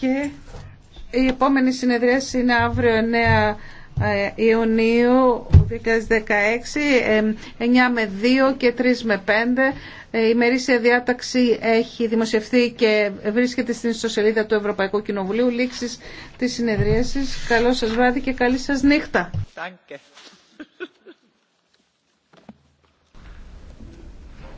Και η επόμενη συνεδρίαση είναι αύριο 9 ε, Ιουνίου 2016, 9 ε, με 2 και 3 με 5. Ε, η μερίσια διάταξη έχει δημοσιευθεί και βρίσκεται στην ιστοσελίδα του Ευρωπαϊκού Κοινοβουλίου. Λήξης της συνεδρίασης. Καλό σας βράδυ και καλή σας νύχτα.